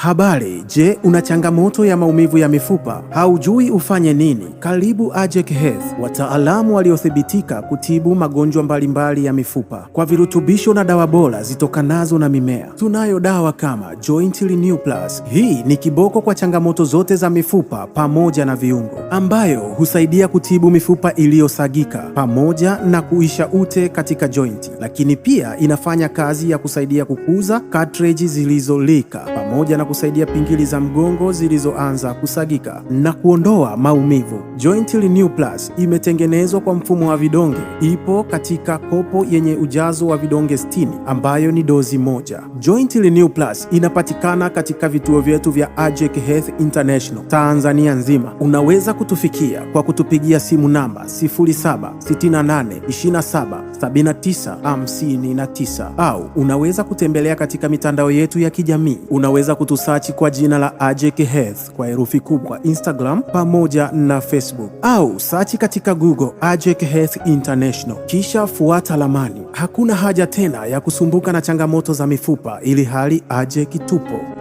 Habari. Je, una changamoto ya maumivu ya mifupa? Haujui ufanye nini? Karibu Ajek Health, wataalamu waliothibitika kutibu magonjwa mbalimbali ya mifupa kwa virutubisho na dawa bora zitokanazo na mimea. Tunayo dawa kama Joint Renew Plus, hii ni kiboko kwa changamoto zote za mifupa pamoja na viungo, ambayo husaidia kutibu mifupa iliyosagika pamoja na kuisha ute katika jointi, lakini pia inafanya kazi ya kusaidia kukuza cartridge zilizolika pamoja na kusaidia pingili za mgongo zilizoanza kusagika na kuondoa maumivu. Joint Renew Plus imetengenezwa kwa mfumo wa vidonge, ipo katika kopo yenye ujazo wa vidonge 60 ambayo ni dozi moja. joint Renew Plus inapatikana katika vituo vyetu vya Ajek Health International Tanzania nzima. Unaweza kutufikia kwa kutupigia simu namba 0768277959 au unaweza kutembelea katika mitandao yetu ya kijamii. Unaweza kutu kusechi kwa jina la AJK Health kwa herufi kubwa Instagram pamoja na Facebook, au sachi katika Google AJK Health International, kisha fuata lamani. Hakuna haja tena ya kusumbuka na changamoto za mifupa, ili hali AJK tupo.